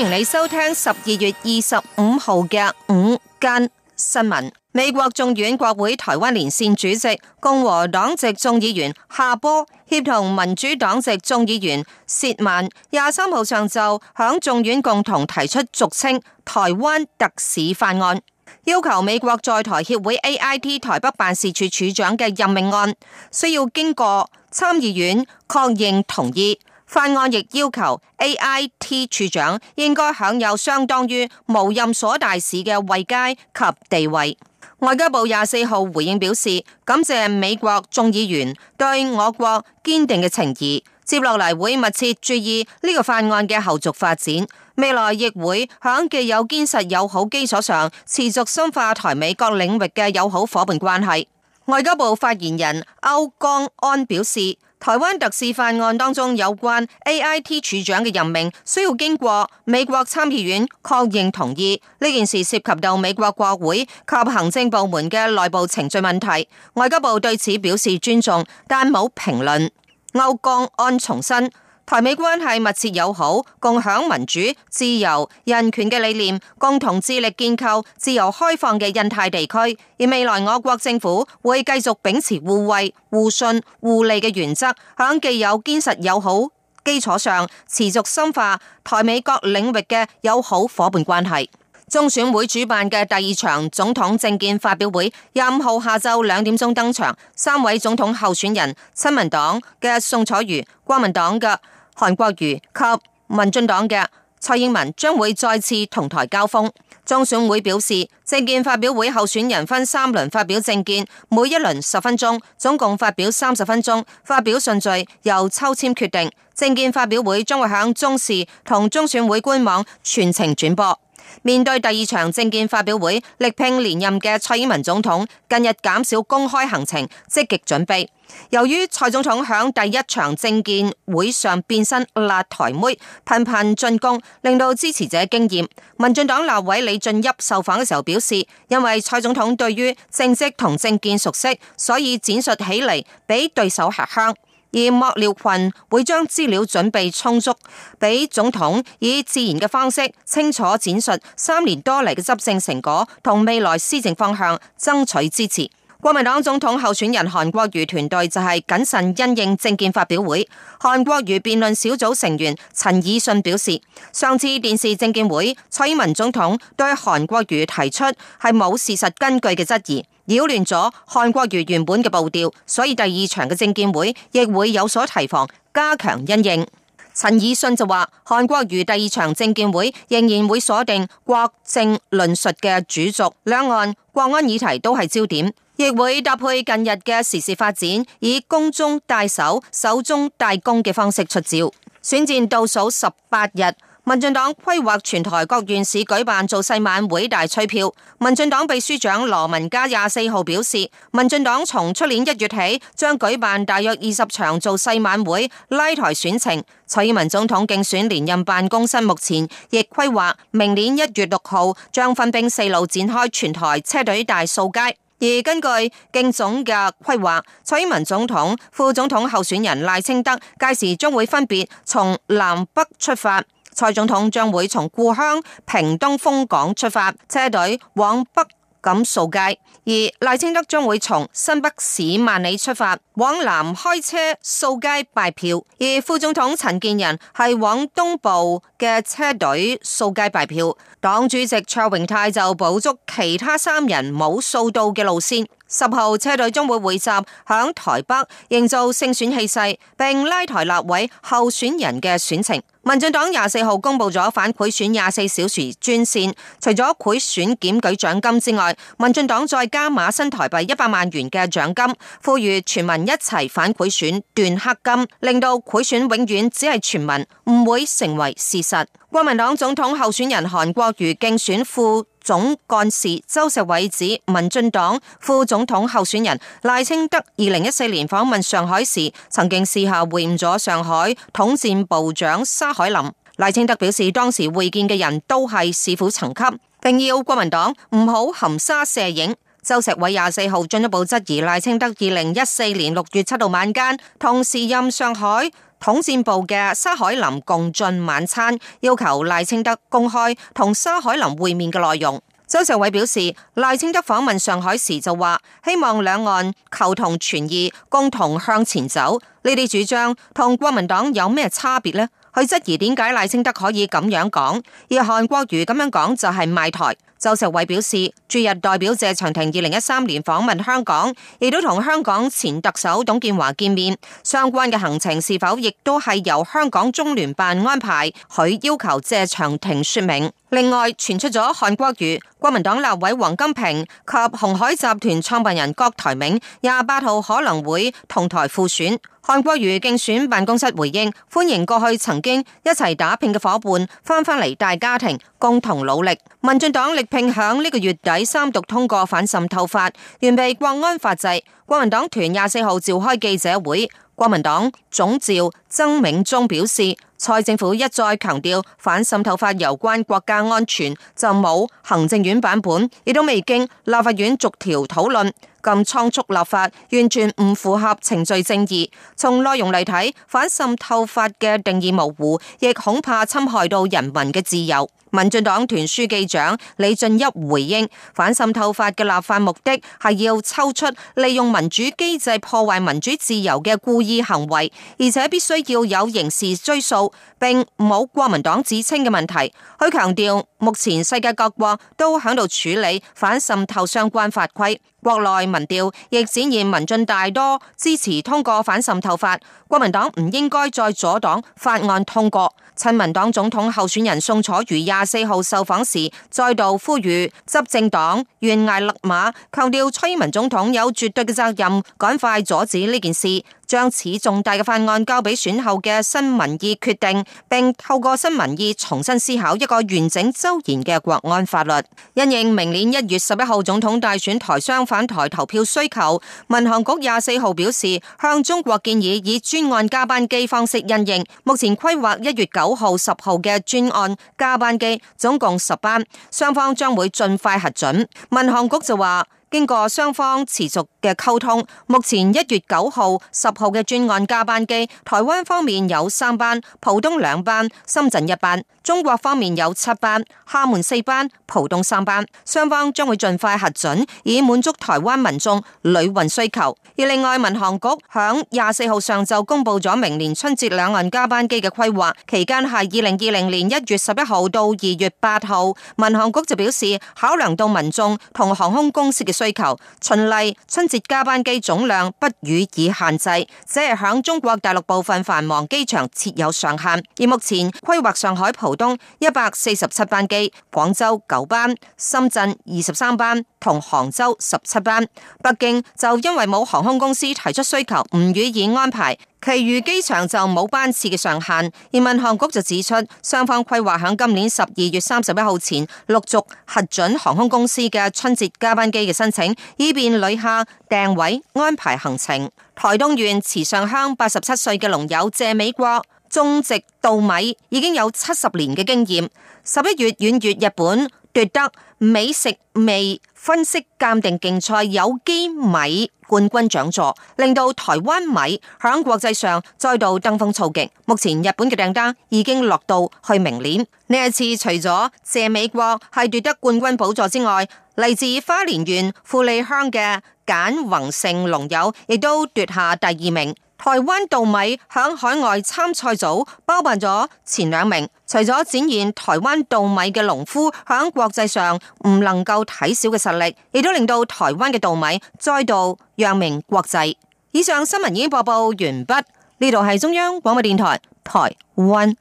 歡迎你收聽十二月二十五號嘅午間新聞。美國眾院國會台灣連綫主席共和黨籍眾議員夏波，協同民主黨籍眾議員薛曼，廿三號上晝響眾院共同提出俗稱台灣特使法案，要求美國在台協會 AIT 台北辦事處處長嘅任命案需要經過參議院確認同意。法案亦要求 AIT 處長應該享有相當於無任所大使嘅位階及地位。外交部廿四號回應表示，感謝美國眾議員對我國堅定嘅情誼，接落嚟會密切注意呢個法案嘅後續發展，未來亦會響既有堅實友好基礎上持續深化台美國領域嘅友好夥伴關係。外交部發言人歐江安表示。台灣特使法案當中有關 AIT 處長嘅任命需要經過美國參議院確認同意，呢件事涉及到美國國會及行政部門嘅內部程序問題。外交部對此表示尊重，但冇評論。歐江安重申，台美關係密切友好，共享民主、自由、人權嘅理念，共同致力建構自由開放嘅印太地區。而未來我國政府會繼續秉持互惠、互信、互利嘅原則，響既有堅實友好基礎上，持續深化台美各領域嘅友好夥伴關係。中選會主辦嘅第二場總統政見發表會，廿五號下晝兩點鐘登場，三位總統候選人，親民黨嘅宋楚瑜，國民黨嘅。韓國瑜及民進黨嘅蔡英文將會再次同台交鋒。中選會表示，政見發表會候選人分三輪發表政見，每一輪十分鐘，總共發表三十分鐘。發表順序由抽籤決定。政見發表會將會響中視同中選會官網全程轉播。面對第二場政見發表會，力拼連任嘅蔡英文總統近日減少公開行程，積極準備。由於蔡總統響第一場政見會上變身辣台妹，頻頻進攻，令到支持者驚艷。民進黨立委李俊俋受訪嘅時候表示，因為蔡總統對於政績同政見熟悉，所以闡述起嚟俾對手吃香。而幕僚群會將資料準備充足，俾總統以自然嘅方式清楚展述三年多嚟嘅執政成果同未來施政方向，爭取支持。國民黨總統候選人韓國瑜團隊就係謹慎因應政見發表會。韓國瑜辯論小組成員陳以信表示，上次電視政見會，蔡英文總統對韓國瑜提出係冇事實根據嘅質疑。擾亂咗韓國瑜原本嘅步調，所以第二場嘅政見會亦會有所提防，加強因應。陳以信就話，韓國瑜第二場政見會仍然會鎖定國政論述嘅主軸，兩岸國安議題都係焦點，亦會搭配近日嘅時事發展，以攻中帶守、守中帶攻嘅方式出招。選戰倒數十八日。民進黨規劃全台各縣市舉辦造勢晚會大吹票。民進黨秘書長羅文嘉廿四號表示，民進黨從出年一月起將舉辦大約二十場造勢晚會拉抬選情。蔡英文總統競選連任辦公室目前亦規劃明年一月六號將分兵四路展開全台車隊大掃街。而根據競總嘅規劃，蔡英文總統、副總統候選人賴清德屆時將會分別從南北出發。蔡總統將會從故鄉屏東楓港出發，車隊往北咁掃街；而賴清德將會從新北市萬里出發往南開車掃街拜票。而副總統陳建仁係往東部嘅車隊掃街拜票。黨主席卓榮泰就補足其他三人冇掃到嘅路線。十號車隊將會匯集響台北，營造勝選氣勢，並拉抬立委候選人嘅選情。民進黨廿四號公布咗反賄選廿四小時專線，除咗賄選檢舉獎金之外，民進黨再加碼新台幣一百萬元嘅獎金，呼籲全民一齊反賄選，斷黑金，令到賄選永遠只係傳聞，唔會成為事實。國民黨總統候選人韓國瑜競選副。總幹事周石偉指，民進黨副總統候選人賴清德二零一四年訪問上海時，曾經私下會晤咗上海統戰部長沙海林。賴清德表示當時會見嘅人都係市府層級，並要國民黨唔好含沙射影。周石偉廿四號進一步質疑賴清德二零一四年六月七號晚間同時任上海。統戰部嘅沙海林共進晚餐，要求賴清德公開同沙海林會面嘅內容。周世偉表示，賴清德訪問上海時就話希望兩岸求同存異，共同向前走。呢啲主張同國民黨有咩差別呢？佢質疑點解賴清德可以咁樣講，而韓國瑜咁樣講就係賣台。周石偉表示，駐日代表謝長廷二零一三年訪問香港，亦都同香港前特首董建華見面，相關嘅行程是否亦都係由香港中聯辦安排？佢要求謝長廷説明。另外傳出咗韓國瑜、國民黨立委黃金平及鴻海集團創辦人郭台銘廿八號可能會同台輔選。韓國瑜競選辦公室回應，歡迎過去曾經一齊打拼嘅夥伴翻返嚟大家庭，共同努力。民進黨力拼響呢個月底三讀通過反滲透法，完備國安法制。國民黨團廿四號召開記者會，國民黨總召曾銘宗表示，蔡政府一再強調反滲透法有關國家安全就冇行政院版本，亦都未經立法院逐條討論，咁倉促立法完全唔符合程序正義。從內容嚟睇，反滲透法嘅定義模糊，亦恐怕侵害到人民嘅自由。民進黨團書記長李俊一回應：反滲透法嘅立法目的係要抽出利用民主機制破壞民主自由嘅故意行為，而且必須要有刑事追訴。並冇國民黨指稱嘅問題，佢強調目前世界各國都喺度處理反滲透相關法規，國內民調亦展現民進大多支持通過反滲透法，國民黨唔應該再阻擋法案通過。親民黨總統候選人宋楚瑜廿四號受訪時再度呼籲執政黨懸崖勒馬，強調蔡英文總統有絕對嘅責任，趕快阻止呢件事。將此重大嘅法案交俾選後嘅新民意決定，並透過新民意重新思考一個完整周延嘅國安法律。因應明年一月十一號總統大選台商反台投票需求，民航局廿四號表示向中國建議以專案加班機方式因應。目前規劃一月九號、十號嘅專案加班機總共十班，雙方將會盡快核准。民航局就話，經過雙方持續嘅溝通，目前一月九號、十號嘅專案加班機，台灣方面有三班，浦東兩班，深圳一班；中國方面有七班，廈門四班，浦東三班。雙方將會儘快核准，以滿足台灣民眾旅運需求。而另外民航局響廿四號上晝公佈咗明年春節兩岸加班機嘅規劃，期間係二零二零年一月十一號到二月八號。民航局就表示，考量到民眾同航空公司嘅。需求，循例春節加班機總量不予以限制，只係響中國大陸部分繁忙機場設有上限。而目前規劃上海浦東一百四十七班機、廣州九班、深圳二十三班同杭州十七班，北京就因為冇航空公司提出需求，唔予以安排。其餘機場就冇班次嘅上限，而民航局就指出，雙方規劃響今年十二月三十一號前陸續核准航空公司嘅春節加班機嘅申請，以便旅客訂位安排行程。台東縣池上鄉八十七歲嘅農友謝美國種植稻米已經有七十年嘅經驗，十一月遠越日本。奪得美食味分析鑑定競賽有機米冠軍獎座，令到台灣米響國際上再度登峰造極。目前日本嘅訂單已經落到去明年。呢一次除咗謝美國係奪得冠軍寶座之外，嚟自花蓮縣富里鄉嘅簡宏勝農友亦都奪下第二名。台灣稻米喺海外參賽組包辦咗前兩名，除咗展現台灣稻米嘅農夫響國際上唔能夠睇小嘅實力，亦都令到台灣嘅稻米再度揚名國際。以上新聞已經播報完畢，呢度係中央廣播電台台灣。